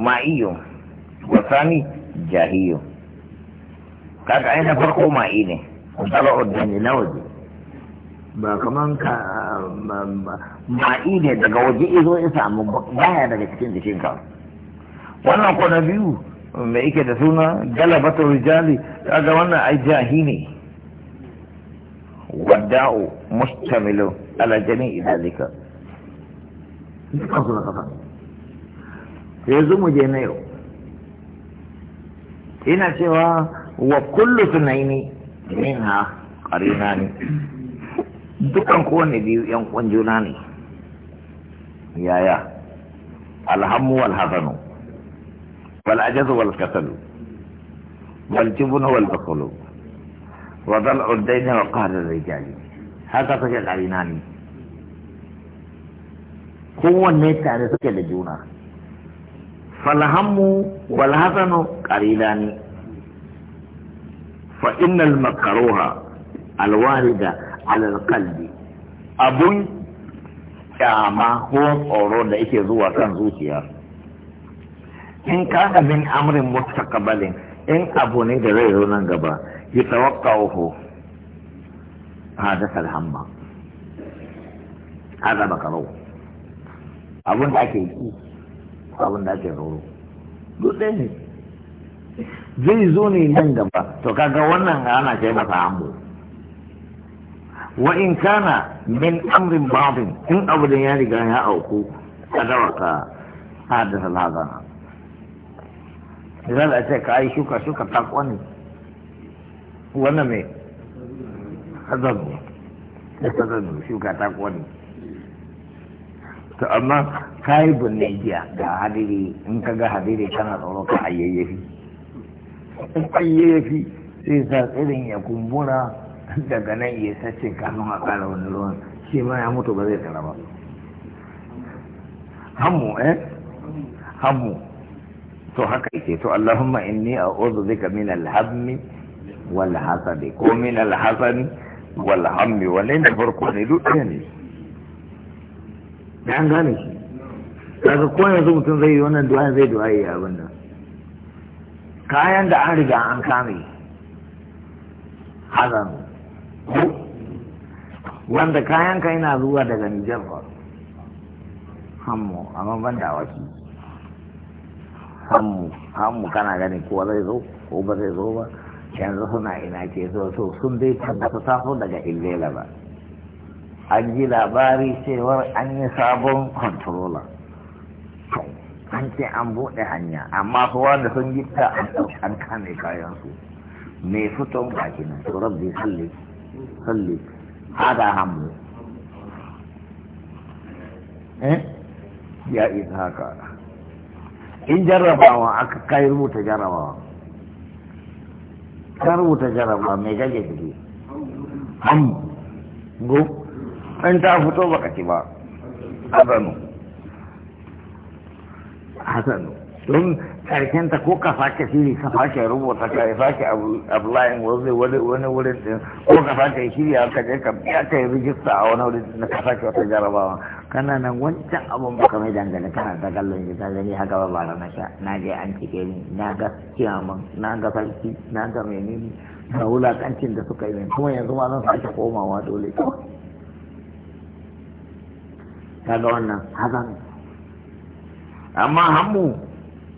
ma'iyun wasani jahiyun kaga ai na farko ma'i ne tsara uddani na waje ba kaman ka ma'i ne daga waje izo ya samu baya daga cikin jikinka wannan ko na biyu mai yake da suna galabatu rijali kaga wannan ai jahi ne wadda'u mustamilu ala jami'i dalika dukkan su na kafa yanzu mu je na yau ina cewa wa kullu sunaini min ha ƙarina ne Dukkan kowane biyu yan kwanjuna ne yaya alhammu wal hasanu wal ajazu wal kasalu wal jibnu wal bakulu wa dal ne wa qahra rijali haka suke ƙarina ne kowanne tare suke da juna فالهم والهزن قليلان فإن المكروه الوارد على القلب أبن كما هو أورود إيه زوا كان زوجيا إن كان من أمر مستقبل إن أبني دريه ننقبا يتوقعه هذا الهم هذا مكروه أبن أكيد abin da ake roro duk ɗaya ne zai zo ne nan gaba to kaga wannan ana kai masa ambo wa in kana min amrin babin in abu da ya riga ya auku dawa ka haddasa lazana zan a ce ka yi shuka shuka ta kwani wannan mai hazanu da shuka ta kwani to amma ka yi bunnejiya ga hadiri in ka ga hadiri kana tsoro ka ayyayyafi in ayyayyafi sai sa tsirin ya kumbura daga nan ya sace kafin a kara wani ruwan shi ma ya mutu ba zai tsara ba hamu eh hamu to haka yake to allahumma inni a'udhu bika min al-hammi wal hasadi ko min al-hasani wal hammi wannan da farko ne duk ne da an gane shi daga ko yanzu mutum zai yi wannan du'a zai du'a ya abin nan kayan da an riga an kame hazan wanda kayan ka yana zuwa daga Nijar ba hammu amma mamban da waki hammu hammu kana gani kowa zai zo ko ba zai zo ba yanzu suna ina ke zo so sun dai tabbata safo daga illela ba an ji labari cewar an yi sabon controller an ce an buɗe hanya amma kowa da sun ta an kame kayan su mai fito baki nan turar rabbi salli salli hada hamu eh ya isa haka in jarrabawa aka kai rubuta jarrabawa ka rubuta jarrabawa mai gaje hamu go an ta fito baka ci ba azanu hasanu don karshen ta ko ka sake shiri ka sake rubuta ka ya sake abulayin wani wani wurin din ko ka sake shiri a ka je ka biya ka yi rijista a wani wurin din ka sake wata jarabawa kana nan wancan abun baka mai dangane kana ta gallon shi ta gani haka ba ba na sha na je an cike ni na ga ciyaman na ga sarki na ga menene ga wulakancin da suka yi min kuma yanzu ma zan sake komawa dole kawai kaga wannan hazan amma hamu!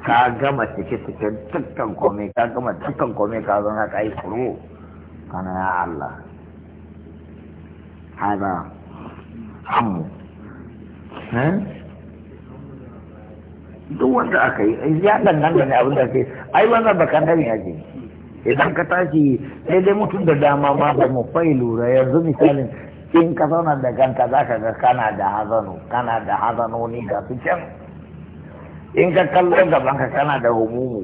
ka gama cike cike dukkan komai ka gama dukkan komai ka zan haka yi kuro kana ya Allah haza hamu. Eh? duk wanda aka yi ya danganta ne abin da ke ai wannan bakan dami ake idan ka tashi sai dai mutum da dama ma ba mu fai lura yanzu misalin in ka zauna da kanka za ka ga kana da hazano kana da ne ga su can in ka kallo gaban ka kana da humumu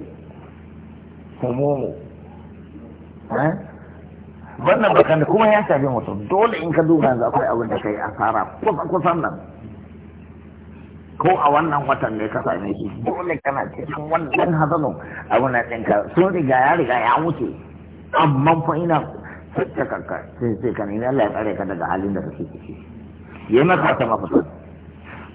humumu eh? wannan bakan kuma ya shafi mutum dole in ka duba yanzu kai abin da kai asara kusa kusan nan ko a wannan watan ne ka same shi dole kana cikin wannan hazano abin na ɗinka sun riga ya riga ya wuce amma fa ina fitta kanka sai sai kan Allah ya tsare ka daga halin da kake ciki yayi maka ta mafita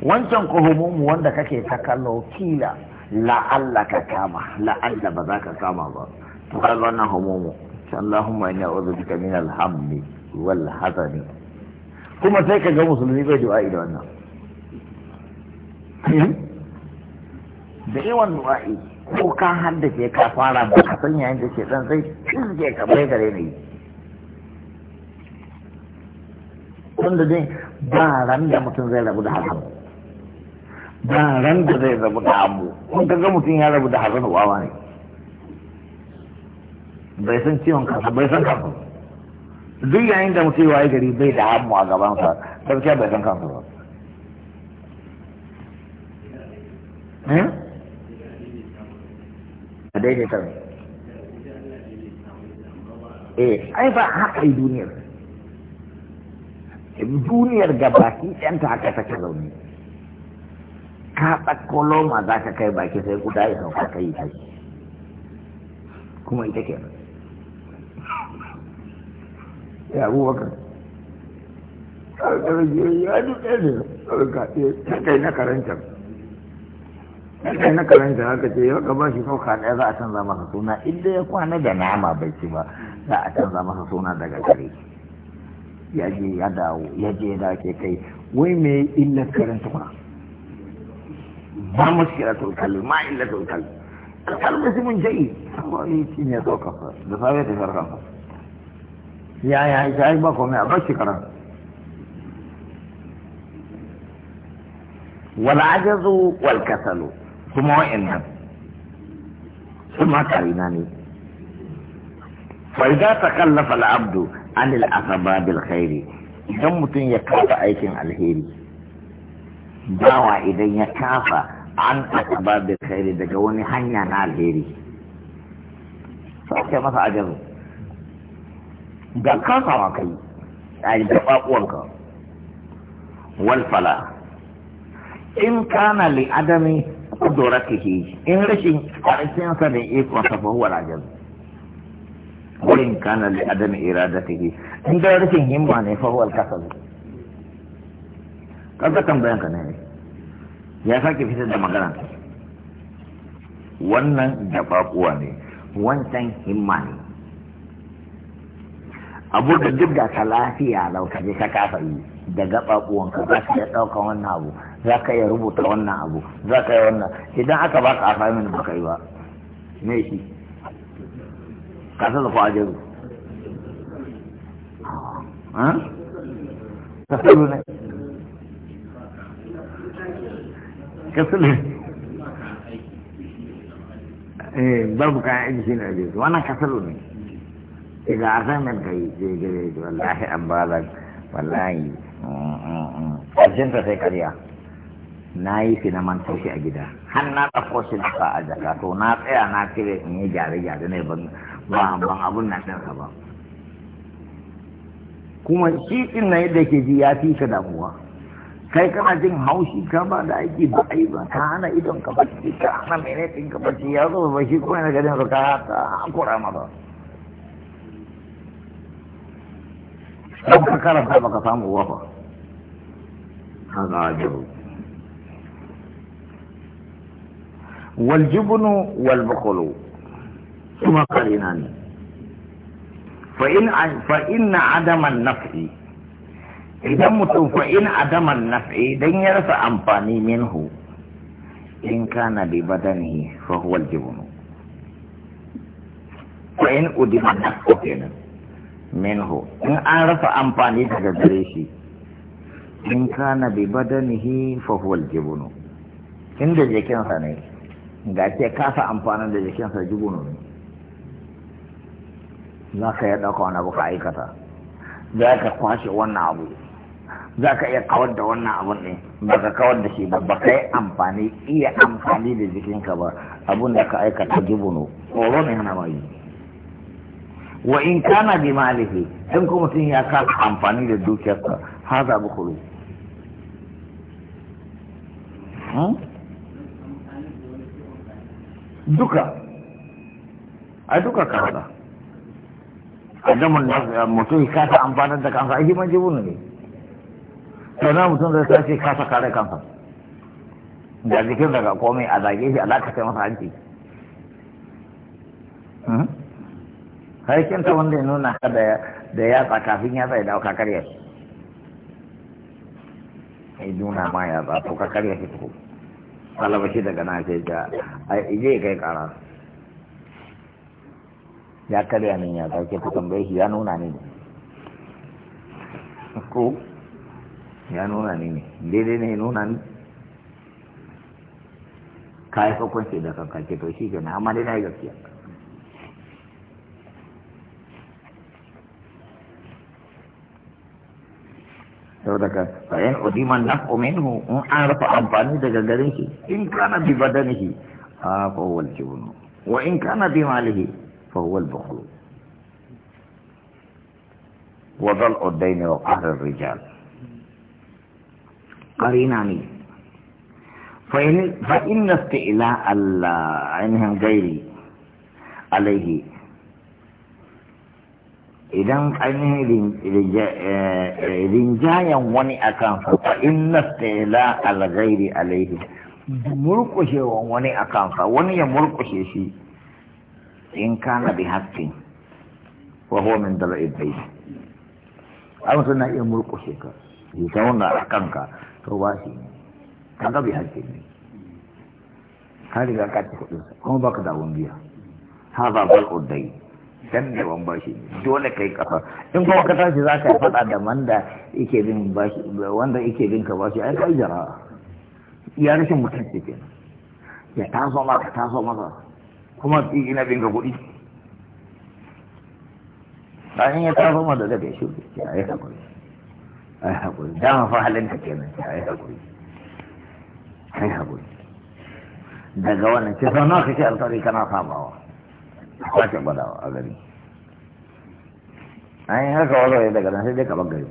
wancan mu wanda kake ta kallo kila la'alla ka kama la'alla ba za ka kama ba to har wannan humumu Allahumma inna a'udhu bika min al-hammi wal hazani kuma sai ka ga musulmi bai du'a da wannan hmm? da yawan du'a'i ko ka haddace ka fara ba ka san yayin da ke dan sai ke ka bai gare ne wanda dai ba ran da mutum zai rabu da hasan ba ran da zai rabu da abu kun ga mutum ya rabu da hasan wawa ne bai san ciwon kansa bai san kansa duk yayin da mutum yi gari bai da hamu a gabansa gaskiya bai san kansa ba eh? a daidaita ne eh ai ba haka duniyar duniyar gabaki ɗanta haka take zaune ka ɗauko loma za ka kai baki sai guda ya sauka ka yi haji kuma ita ke ya abubakar ya duɗe ne ka kai na karantar kai na karantar haka ce ya ka ba shi sauka ɗaya za a canza masa suna inda ya kwana da nama bai ci ba za a canza masa suna daga gare shi ya je ya dawo ya je ya dace kai wai me illar karin tukuna ba muskila tulkali ma illa tulkali alkalmi su mun jai amma yi shi ne so da safe ta shar kafa ya ya yi ba kome a bashi karan wal ajazu wal kasalu kuma wa'annan su ma karina ne fa idza takallafa al abdu anil asababil khairi idan mutum ya kafa aikin alheri bawa idan ya kafa an asababil khairi daga wani hanya na alheri sai masa ajaru da wa kai a da bakuwanka wal fala in kana li adami qudratihi in rashin karfinsa da ikonsa fa huwa ajaru wurin كان لعدم adam iradatihi in رشن rashin himma ne fa huwa al كان kaga tambayan ka ne ya sake fitar da magana wannan jababuwa ne wancan himma ne abu da duk da ka lafiya lau ka je ka kafa yi da gaɓaɓuwan ka za ka iya ɗauka wannan abu za ka iya rubuta wannan abu za ka iya wannan idan aka baka assignment ba ka yi ba me shi kasa da kwajen kasulu ne kasulu eh babu kayan aiki shi ne ajiye wannan kasulu ne iga assignment ka yi ce gare ji wallahi an balar wallahi ƙarshen sai karya na yi shi na manta shi a gida har na ɗauko shi na sa a jaka to na tsaya na cire in yi gyare-gyare ne ban ba ba abun na kanka ba kuma shi din na yadda ke ji ya fi ka damuwa kai kana jin haushi ka ba da aiki ba ai ba ka hana idon ka bacci ka hana mene din ka bacci ya zo ba shi kuma daga jin ka ta hakura masa don ka karanta baka samu uwa ba haka ajabu waljibnu walbukhlu kuma karina ne fa'in na adaman nafi idan mutum fa'in adaman nafi don ya rasa amfani minhu in kana bi badani fa huwa aljibnu wa in udima nafu kenan minhu in an rasa amfani daga gare shi in kana bi badanihi fa huwa aljibnu inda jikinsa ne ga ce kasa amfanin da jikinsa jibunu ne za ka iya ɗauka wani abu ka aikata za ka kwashe wannan abu za ka iya kawar da wannan abun ne, ba ka kawar da shi ba ba ka yi amfani iya amfani da jikinka ba abun da ka aikata jibuno tsoro ne hana mai wa in kana bi malihi in kuma mutum ya kasa amfani da dukiyarsa haza kuru hmm? duka a duka karata adamun eh, mutum ya kasa amfanar da kansa ai himan jibunu ne sannan mutum zai ce kasa kare kansa da jikin daga komai a zage shi a lakace masa hanci hmm? harkin ta wanda ya nuna ya da ya kafin yatsa ya da ka karya shi ai nuna ma ya to ka karya shi ko talaba shi daga na ce ga ai ije kai kara ya karya min ya zarke ku tambaye shi ya nuna ni ne ko ya nuna ni ne daidai ne ya nuna ni ka yi hukunci da kanka ke to shi kenan amma dai na yi gaskiya saboda ka bayan udiman naf'u minhu in an rufe amfani daga garin shi in kana bi badanihi a kowal jibunu wa in kana bi malihi فهو البخل وضلع الدين وقهر الرجال قريناني فإن, فإن استئلاء عنهم غيري عليه idan ainihin rinjayen wani a kansa fa inna stela alghairi alaihi murkushewan wani a kansa wani ya murkushe shi in kana bi haƙƙin wa huwa min dala'i bayt aw suna iya murƙushe shika in ta wanda a kanka to ba shi ne ka ga bi haƙƙin ne ka ga ka ko kuɗin kuma baka da abun ha ba bal uddai dan da ban bashi dole kai kafa in kuma ka tashi za ka yi faɗa da manda yake bin bashi wanda yake bin ka bashi ai kai jara ya rashin mutunci kenan ya taso maka taso maka kuma ina bin ga kuɗi bayan ya taso ma da daga shi ce a yi haƙuri a yi haƙuri dama fa halinka kenan a yi haƙuri a yi haƙuri daga wannan ce sau nawa kake alƙawari kana samawa a kwace gwadawa a gari an yi haka wani daga nan sai dai kaban gari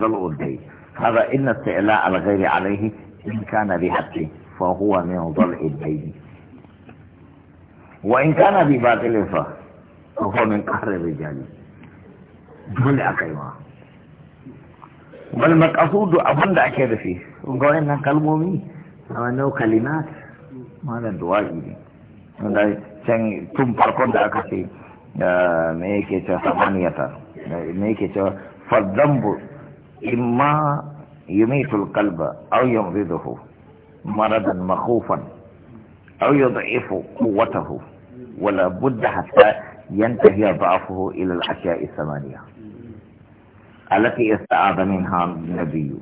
zal'ul dai هذا إن استعلاء الغير عليه إن كان بحقه فهو من ضلع الدين وإن كان بباطل فهو من قهر الرجال dole a kai ma bal maqasudu abin da ake da shi ga wayannan kalmomi a wannan kalimat malan duwa'i ne wanda can tun farkon da aka ce me yake cewa samaniyata me yake cewa fadzambu imma yumitul مرضا مخوفا أو يضعف قوته ولا بد حتى ينتهي ضعفه إلى الأشياء الثمانية التي استعاذ منها النبي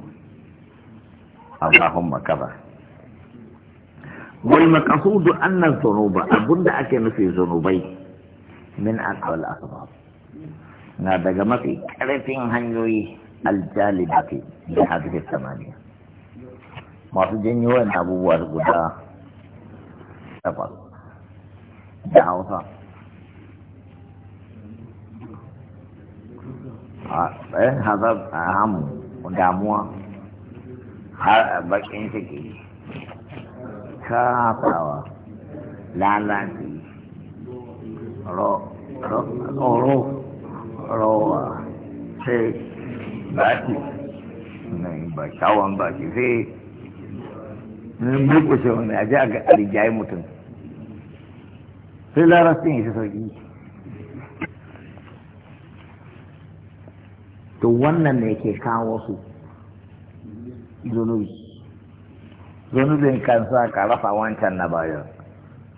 اللهم كذا والمقصود أن الذنوب أبند أكن في ذنوبي من أقوى الأسباب هذا جمعتي كرتين هنوي الجالبة لهذه الثمانية masu janyo wani abubuwa guda takwas da hausa a tsayin eh, hazar a hamu damuwa har a bakin ciki kafawa lalaci tsoro rowa sai baki ba shawon baki sai na murkushe wani a ji a rijayi mutum sai larabcin ya sauki to wannan ne ke kawo su zunubi zunubin kansa ka rafa wancan na bayan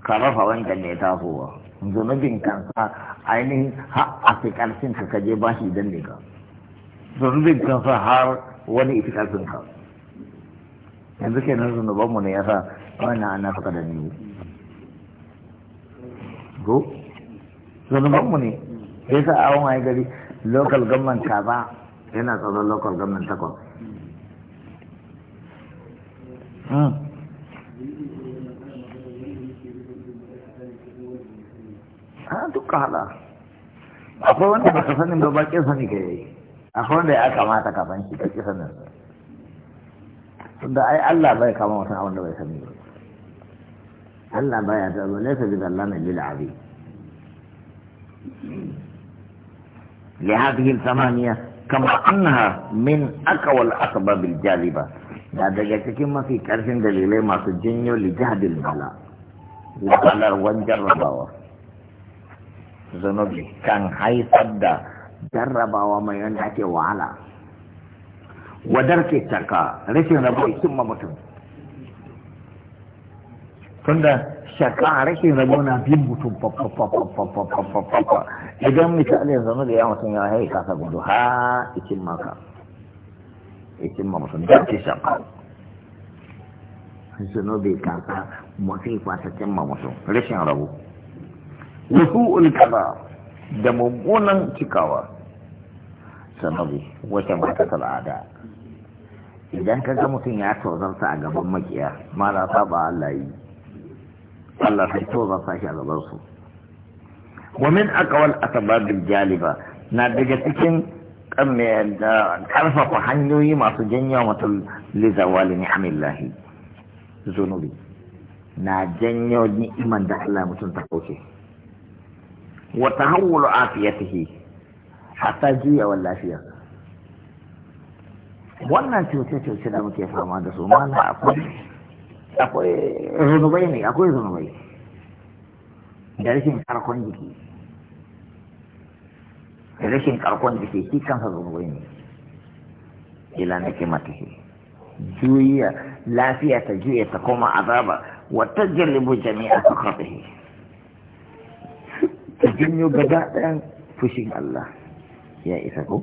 ka rafa wancan ne fowa zunubin kansa ainihin har a fi karfin ka kaje ba shi ne ka zunubin kansa har wani ifi karfin ka yanzu ke nan zunubanmu ne ya sa wannan ana suka da ni go zunubanmu ne ya sa a wani gari local government ba yana tsoron local government takwas hmm. a duka hada akwai wanda ba ka sanin ba ba ƙin sani ka yi akwai wanda ya kamata ka san shi ka kisa sanin tunda ai Allah bai kama mutum abin da bai sani ba Allah baya ta zo nesa bi zallamin lil abi li hadhihi al-thamaniya kama annaha min aqwal asbab al-jaliba da daga cikin mafi karfin dalilai masu janyo li jahdil bala walar wajen rabawa zunubi kan haifar da jarrabawa mai wanda ake wahala wadar ke taka rashin rabo sun ma mutum tunda shaka rashin rabo na bin mutum fafafafafafafafafafa rabo da mummunan cikawa sababi wace barkatar ada idan ka ga mutum ya tozarta a gaban makiya mara saba Allah yi Allah sai tozarta shi a gaban su wa min aqwal asbabil jaliba na daga cikin karfafa hanyoyi masu janyo mutum lizawali ni'amillahi zunubi na janyo ni'iman da Allah mutum ta kauce wa tahawwulu afiyatihi hatta wa lafiya, wannan cuce-cuce da muke fama da su mana akwai zunubai ne akwai zunubai da rashin karkon jiki rashin karkon jiki shi kansa zunubai ne ila na ke matashi juya lafiya ta juya ta koma azaba wata jalibu jami'a ta shi ta jinyo gada ɗayan fushin Allah ya isa ko